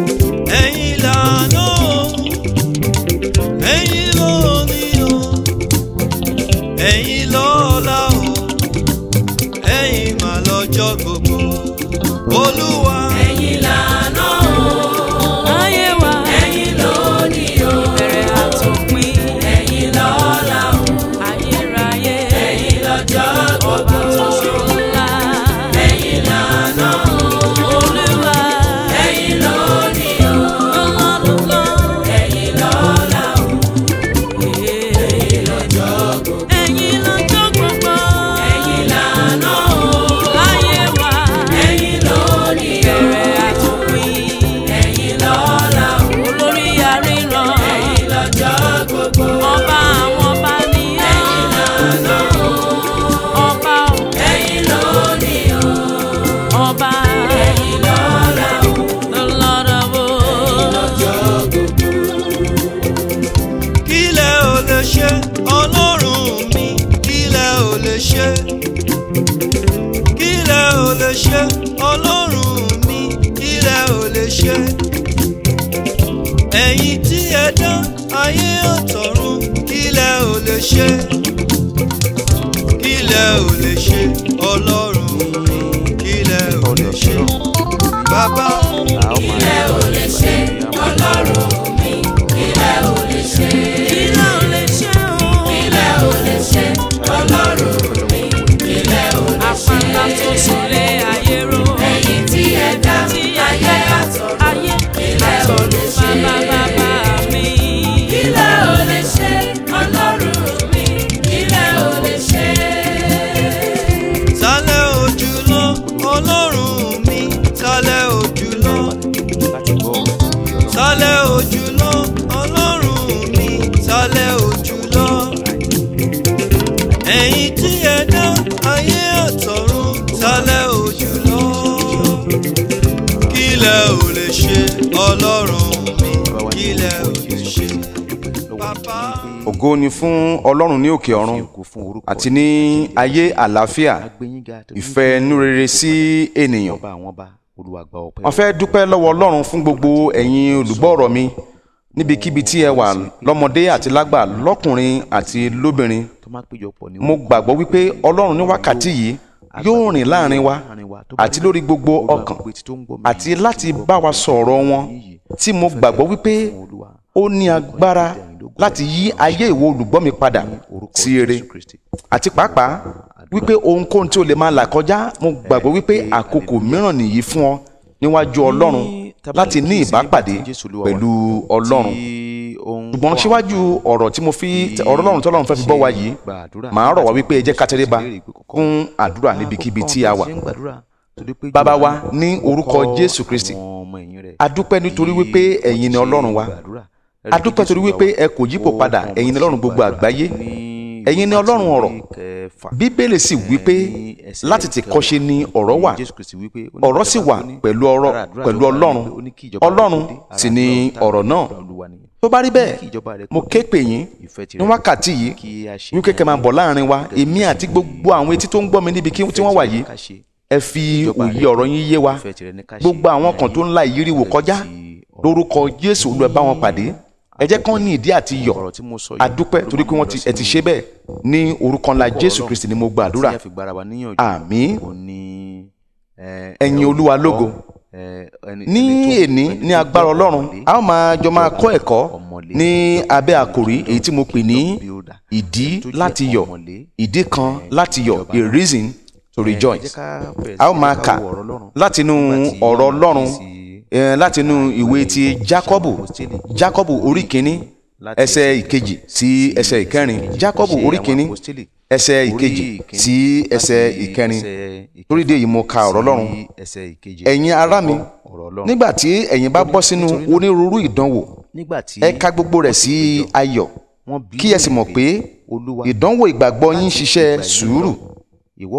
Thank you. ṣe ẹ̀yin tí ẹ dán ayé ọ̀tọ̀run kílẹ̀ ò lè ṣe kílẹ̀ ò lè ṣe ọlọ́run mi ò lè ṣe bàbá kílẹ̀ ò lè ṣe ọlọ́run mi kílẹ̀ ẹ̀yin tí ẹ dá ayé àtọ̀run tálẹ̀ ojú lọ kílẹ̀ ò lè ṣe ọlọ́run mi kílẹ̀ ò lè ṣe bàbá. ògo ni fún ọlọ́run ní òkè ọ̀run àti ní ayé àlàáfíà ìfẹ́ inú sí ènìyàn wọ́n fẹ́ dúpẹ́ lọ́wọ́ ọlọ́run fún gbogbo ẹ̀yin olùgbọ́ mi níbikíbi tí ẹ wà lọ́mọdé àti lágbà lọ́kùnrin àti lóbìnrin mo gbàgbọ́ wípé ọlọ́run ní wákàtí yìí yóò rìn láàrin wa àti lórí gbogbo ọkàn àti láti bá wa sọ̀rọ̀ wọn tí mo gbàgbọ́ wípé ó ní agbára láti yí ayé ìwọ olùgbọ́ mi padà sí ire àti pàápàá wípé ohunkóhun tí o lè máa là kọjá mo gbàgbọ́ wípé àkókò mìíràn nìyí fún ọ níwájú ọlọ́run láti ní ìbápàdé pẹ̀lú ọlọ́run ṣùgbọ́n síwájú ọ̀rọ̀ tí mo fi ọ̀rọ̀ Ọlọ́run tọ́lọ́run fẹ́ fi bọ́ wa yìí màá rọ̀ wá wípé ẹ jẹ́ ká tẹríba kún àdúrà níbikíbi tí a wà bàbá wa ní orúkọ Jésù Kristi adúpẹ́ nítorí wípé ẹ̀yin ni Ọlọ́run wa adúpẹ́ torí wípé ẹ kò yípo padà ẹ̀yin ni Ọlọ́run gbogbo àgbáyé ẹ̀yin ni ọlọ́run ọ̀rọ̀ bíbélì sì wípé láti ti kọ́ṣe ni ọ̀rọ̀ wà ọ̀rọ̀ sì wà pẹ̀lú ọ̀rọ̀ pẹ̀lú ọlọ́run ọlọ́run sì ni ọ̀rọ̀ náà tó bá rí bẹ́ẹ̀ mo ké pè yín ní wákàtí yìí yín kékeré máa bọ̀ láàrin wa èmi àti gbogbo àwọn etí tó ń gbọ́ mi níbi tí wọ́n wà yìí ẹ fi òye ọ̀rọ̀ yín yé wa gbogbo àwọn kan tó ń la ìyírí wò kọjá lórúkọ Jésù Olúwa bá wọn pàdé ẹ jẹ́ kán ní ìdí àti yọ̀ àdúpẹ́ torí pé wọ́n ti ṣe bẹ́ẹ̀ ní orúkọ ńlá Jésù Kristi ni mo gbàdúrà àmín ẹ̀yin Olúwa lógo ní èní ní agbára ọlọ́run a ó máa jọ máa kọ́ ẹ̀kọ́ ní abẹ́ àkòrí èyí tí mo pè ní ìdí láti yọ̀ ìdí kan láti yọ̀ a reason to rejoice a ó máa kà látinú ọ̀rọ̀ ọlọ́run látinú ìwé ti Jacobu Jacobu orí kìíní ẹsẹ̀ ìkejì sí ẹsẹ̀ ìkẹrin Jacobu orí kìíní ẹsẹ̀ ìkejì sí ẹsẹ̀ ìkẹrin torí de yìí mo ka ọ̀rọ̀ Ọlọ́run ẹ̀yin ará mi nígbà tí ẹ̀yin bá bọ́ sínú onírúurú ìdánwò ẹ ka gbogbo rẹ̀ sí ayọ̀ kí ẹ sì mọ̀ pé ìdánwò ìgbàgbọ́ yín ṣiṣẹ́ sùúrù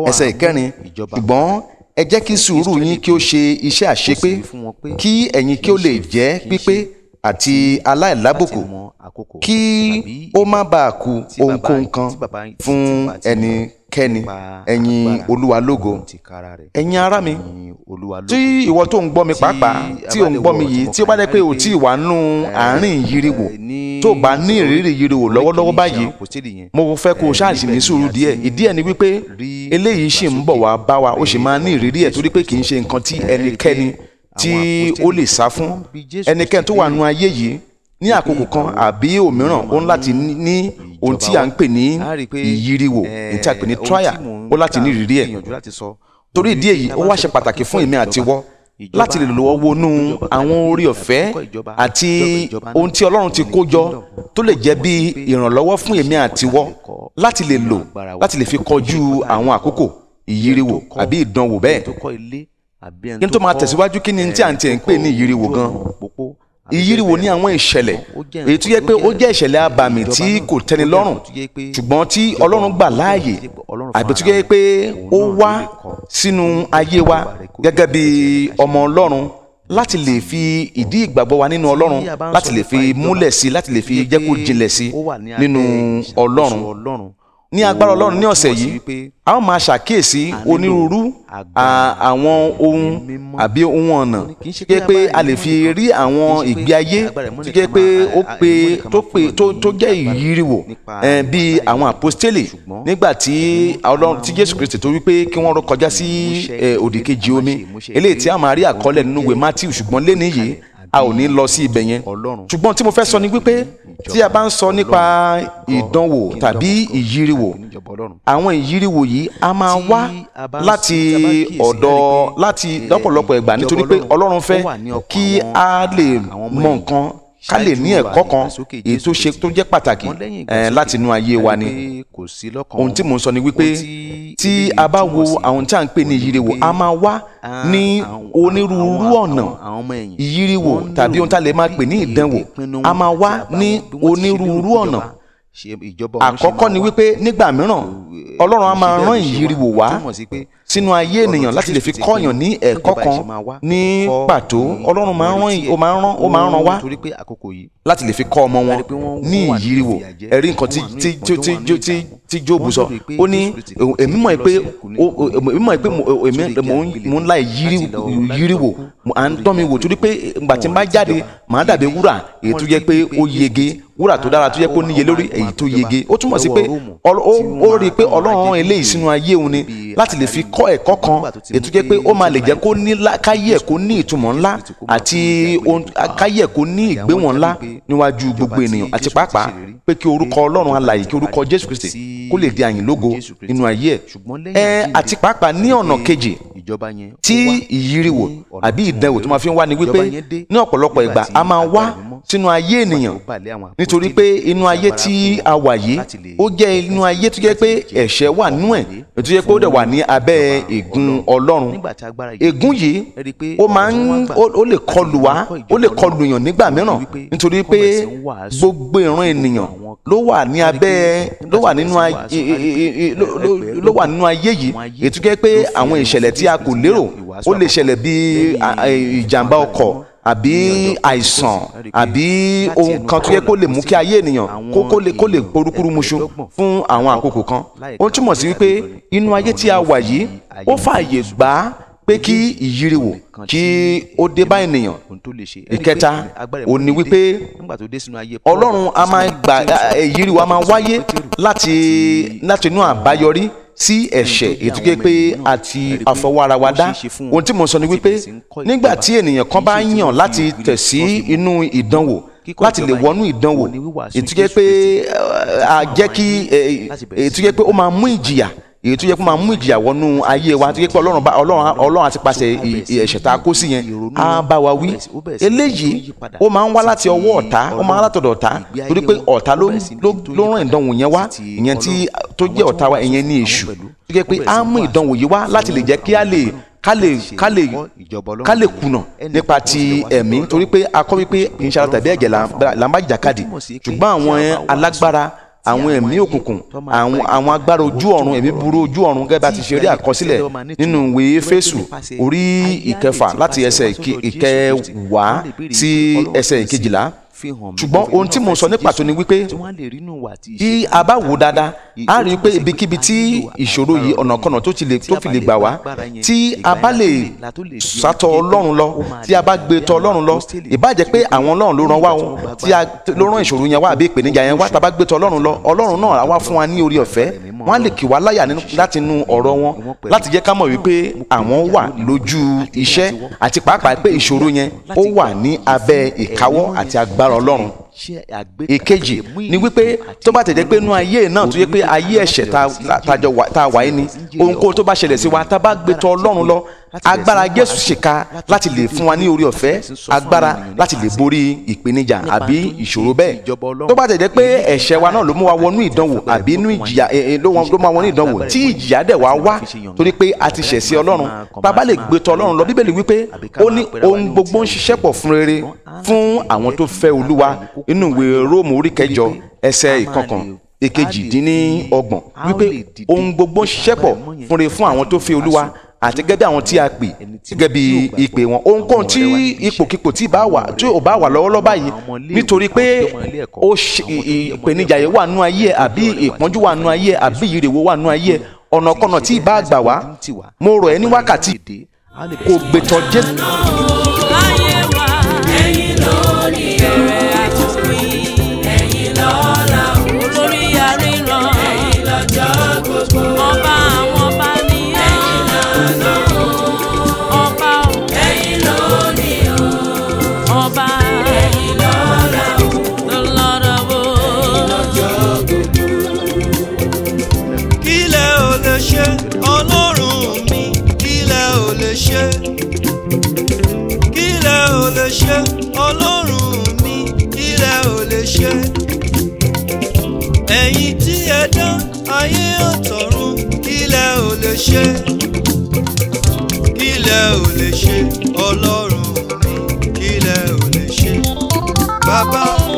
ẹsẹ̀ ìkẹrin ṣùgbọ́n ẹ jẹ́ kí sùúrù yín kí ó ṣe iṣẹ́ àṣepé kí ẹ̀yin kí ó lè jẹ́ pípé àti aláìlábùkù kí ó má bàa ku ohunkóhun kan fún ẹnikẹ́ni ẹ̀yin olúwa lógo ẹ̀yin ará mi tí ìwọ tó ń gbọ́ mi pàápàá tí ò ń gbọ́ mi yìí tí ó bá dẹ́ pé ò tí ì wà nù àárín yiriwo tó bá ní ìrírí yiriwo lọ́wọ́lọ́wọ́ báyìí mo fẹ́ kó o ṣáàṣì ní sùúrù díẹ̀ ìdí ẹ̀ ni wípé eléyìí ṣì ń bọ̀ wá bá wa ó sì máa ní ìrírí ẹ̀ torí pé kì í ṣe nǹkan tí ẹnikẹ́ni tí ó lè sá fún ẹnikẹ́ni tó wà nínú ayé yìí ní àkókò kan àbí òmíràn ó ń láti ní ohun tí à ń pè ní ìyíriwò eh, ní tí a pè ní trial ó láti ní ìrírí ẹ̀ torí ìdí èyí ó wá ṣe pàtàkì fún èmi àti wọ́ láti lè lọ́wọ́ wọnú àwọn orí ọ̀fẹ́ àti ohun tí ọlọ́run ti kó jọ tó lè jẹ́ bí ìrànlọ́wọ́ fún èmi àtiwọ́ láti lè lò láti lè fi kọjú àwọn àkókò ìyíriwò àbí ìdánwò bẹ́ẹ̀ kí n tó máa tẹ̀síwájú kí ni tí à ń tiẹ̀ ń pè ní ìyíriwo gan ìyíriwo ní àwọn ìṣẹ̀lẹ̀ èyí tó yẹ pé ó jẹ́ ìṣẹ̀lẹ̀ abàmì tí kò tẹ́ni lọ́rùn ṣùgbọ́n tí ọlọ́run gbà láàyè àbí tó yẹ pé ó wá sínú ayé wa gẹ́gẹ́ bí ọmọ ọlọ́run láti lè fi ìdí ìgbàgbọ́ wa nínú ọlọ́run láti lè fi múlẹ̀ sí i láti lè fi jẹ́ kó jinlẹ̀ sí i nínú ọlọ́run ní agbára ọlọ́run ní ọ̀sẹ̀ yìí a ó máa ṣàkíyèsí onírúurú àwọn ohun àbí ohun ọ̀nà tó jẹ́ pé a lè fi rí àwọn ìgbé ayé tó jẹ́ pé ó pe tó pe tó jẹ́ ìyírí wò bí àwọn àpọ́stélì nígbà tí ọlọ́run tí jésù kristi tó wí pé kí wọ́n kọjá sí òdìkejì omi eléyìí tí a máa rí àkọọ́lẹ̀ nínú ìwé matthew ṣùgbọ́n léni yìí a ò ní lọ sí ibẹ̀ yẹn ṣùgbọ́n tí mo fẹ́ sọ ni wípé tí a bá ń sọ nípa ìdánwò tàbí ìyíriwò àwọn ìyíriwò yìí a máa wá láti ọ̀dọ̀ láti lọ́pọ̀lọpọ̀ ẹ̀gbà nítorí pé Ọlọ́run fẹ́ kí a lè mọ nǹkan ká lè ní ẹ̀kọ́ kan èyí tó ṣe tó jẹ́ pàtàkì láti inú ayé wa ni ohun tí mò ń sọ ni wípé tí a bá wo àwọn tí a ń pè ní ìyíriwò a máa wá ní onírúurú ọ̀nà ìyíriwò tàbí ohun tá a lè máa pè ní ìdánwò a máa wá ní onírúurú ọ̀nà àkọ́kọ́ ni wípé nígbà mìíràn Ọlọ́run a máa rán ìyíriwò wá sínú ayé ènìyàn láti lè fi kọ́yàn ní ẹ̀kọ́ kan ní pàtó ọlọ́run máa ń rán ó máa ń rán ó máa ń rán wá láti lè fi kọ́ ọmọ wọn ní ìyírí wò ẹ̀rí nǹkan tí tí tí tí tí tí jóòbù sọ ó ní èmi mọ̀ pé èmi mọ̀ pé èmi mò ń la ìyírí wò à ń tọ́ mi wò torí pé ìgbà tí n bá jáde màá dàbí wúrà èyí tó yẹ pé ó yege wúrà tó dára tó yẹ pé ó níye lórí èyí tó yege ó túmọ̀ sí pé ó rí i pé ọlọ́run eléyìí sínú ayé òun ni láti lè fi k kọ́ ẹ̀kọ́ kan ètò jẹ́ pé ó máa lè jẹ́ kó ní káyé ẹ̀ kó ní ìtumọ̀ ńlá àti káyé ẹ̀ kó ní ìgbéwọ̀n ńlá níwájú gbogbo ènìyàn àti pàápàá pé kí orúkọ ọlọ́run alààyè kí orúkọ jésù kristi kó lè di àyìn lógo nínú ayé ẹ̀ ẹ̀ àti pàápàá ní ọ̀nà kejì tí ìyíriwò àbí ìdẹ̀wò tó máa fi ń wá ni wípé ní ọ̀pọ̀lọpọ̀ ìgbà a máa wá sínú ayé ènìyàn nítorí pé inú ayé tí a wà yìí ó jẹ́ inú ayé tó jẹ́ pé ẹ̀ṣẹ̀ wà nú ẹ̀ tó jẹ́ pé ó dẹ̀ wà ní abẹ́ ègún ọlọ́run ègún yìí ó máa ń ó lè kọlù wá ó lè kọlù yàn nígbà mìíràn nítorí pé gbogbo ìran ènìyàn ló wà ní abẹ́ ló wà nínú ló wà nínú ayé yìí ètò jẹ́ pé àwọn ìṣẹ̀lẹ̀ tí a kò lérò ó lè ṣẹlẹ̀ bí ìjàmbá ọkọ̀ àbí àìsàn àbí ohun kan tó yẹ kó lè mú kí ayé ènìyàn kó kó lè kó lè porúkúrú muṣu fún àwọn àkókò kan ó túmọ̀ sí wípé inú ayé tí a wà yìí ó fààyè gbà á pé kí ìyíriwò kí ó dé bá ènìyàn ìkẹta ò ní wípé ọlọ́run a máa gbà ìyíriwò a máa wáyé láti láti inú àbáyọrí sí ẹ̀ṣẹ̀ ètò yẹ pé àti àfọwọ́ra wa dá ohun tí mo sọ ni wípé nígbà tí ènìyàn kan bá yàn láti tẹ̀ sí inú ìdánwò láti lè wọnú ìdánwò ètò yẹ pé eh, a jẹ́ kí eh, ètò yẹ pé ó máa mú ìjìyà èyí tó yẹ kó máa mú ìjìyà wọnú ayé wa tó yẹ pé ọlọ́run àti pàṣẹ ẹ̀ṣẹ̀ tá a kó sí yẹn á bá wa wí eléyìí ó máa ń wá láti ọwọ́ ọ̀tá ó máa ń látọ̀dọ̀ ọ̀tá torí pé ọ̀tá ló rán ìdánwò yẹn wá ìyẹn tí tó jẹ́ ọ̀tá wa ìyẹn ní èṣù tó yẹ pé á mú ìdánwò yìí wá láti lè jẹ́ kí á lè kálè kùnà nípa ti ẹ̀mí torí pé a kọ́ wípé ìṣàlàtàdé ẹ̀jẹ̀ là ń bá jàkadì ṣùgbọ́n àwọn alágbára àwọn ẹ̀mí òkùnkùn àwọn agbára ojú ọ̀run ẹ̀mí burú ojú ọ̀run gẹ́gẹ́ bá ti ṣe rí àkọsílẹ̀ nínú ìwé Éfésù orí ìkẹfà láti ẹsẹ̀ ìkẹwàá sí ẹsẹ̀ ìkejìlá ṣùgbọ́n ohun tí mo sọ ní pàtó ni wípé bí a bá wò dáadáa a rí i pé ibikíbi tí ìṣòro yìí ọ̀nàkọ̀nà tó fi lè gbà wá tí a bá lè sátọ ọlọ́run lọ tí a bá gbé tọ ọlọ́run lọ ìbàjẹ́ pé àwọn ọlọ́run ló ràn wá o tí a ló ràn ìṣòro yẹn wá àbí ìpèníjà yẹn wá tá a bá gbé tọ ọlọ́run lọ ọlọ́run náà á wá fún wa ní orí ọ̀fẹ́ wọ́n lè kì wá láyà láti inú ọ̀rọ̀ wọn láti jẹ́ ká mọ̀ wípé àwọn wà lójú iṣẹ́ àti pàápàá pé ìṣòro yẹn ó wà ní abẹ́ ìkáwọ́ àti agbára agbára ọlọ́run ìkejì ni wípé tó bá tẹ̀jẹ́ pé inú ayé náà tó yẹ pé ayé ẹ̀ṣẹ̀ tá a wà yìí ni ohunkóhun tó bá ṣẹlẹ̀ sí wa tá a bá gbé tọ̀ Ọlọ́run lọ agbára Jésù ṣèkà láti lè fún wa ní orí ọ̀fẹ́ agbára láti lè borí ìpèníjà àbí ìṣòro bẹ́ẹ̀ tó bá tẹ̀jẹ́ pé ẹ̀ṣẹ̀ wa náà ló mú wa wọnú ìdánwò àbí inú ìjìyà eh, eh, ló mú wa wọnú ìdánwò tí ìjìyà dẹ̀ wá wá torí pé a ti ṣẹ̀ sí Ọlọ́run bàbá lè gbé tọ̀ Ọlọ́run lọ Bíbélì wípé ó ní ohun gbogbo ń ṣiṣẹ́ pọ̀ fún rere fún àwọn tó fẹ́ Olúwa inú ìwé róòmù orí kẹjọ ẹsẹ̀ ìkọkàn èkejì dín ní ọgbọ̀n wípé ohun gbogbo ṣẹ́pọ̀ fúnre fún àwọn tó fi olúwa àti gẹ́gẹ́ bí àwọn tí a pè gẹ́gẹ́ bí ìpè wọn ohunkóhun tí ipòkípò tí bá wà tí ò bá wà lọ́wọ́lọ́wọ́ báyìí nítorí pé ó ìpèníjà yìí wà nú ayé ẹ̀ àbí ìpọ́njú wà nú ayé ẹ̀ àbí ìrèwò wà nú ayé ẹ̀ ọ̀nàkọ́nà tí ì bá gbà wá mo rọ̀ ẹ́ ní wákàtí kò gbẹ̀tọ̀ jésù. ṣe ọlọ́run mi kílẹ̀ ò lè ṣe kílẹ̀ ò lè ṣe ọlọ́run mi kílẹ̀ ò lè ṣe ẹ̀yin tí ẹ dán ayé ọ̀tọ̀run kílẹ̀ ò lè ṣe kílẹ̀ ò lè ṣe ọlọ́run mi kílẹ̀ ò lè ṣe bàbá.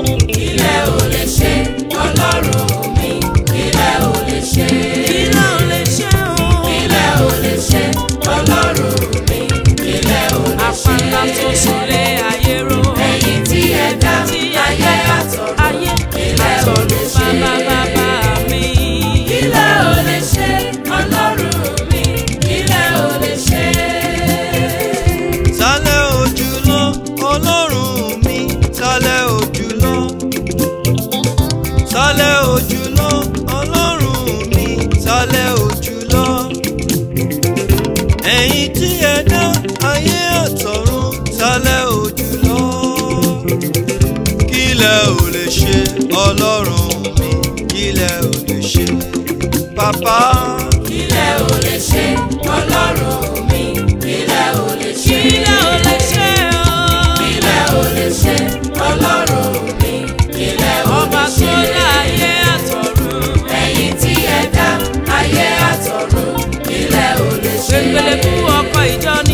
ilẹ̀ ò lè ṣe bàbá. ilẹ̀ ò ọlọ́run mi ilẹ̀ ò lè ṣe ilẹ̀ ò lè ṣe ọ́ ilẹ̀ ò lè ṣe ọlọ́run mi ilẹ̀ ò lè ṣe ọba tó dá ayé àtọ̀run ẹ̀yin tí ẹ dá ayé àtọ̀run ilẹ̀ ò lè ṣe. pépélé fún ọkọ̀ ìjọ ni.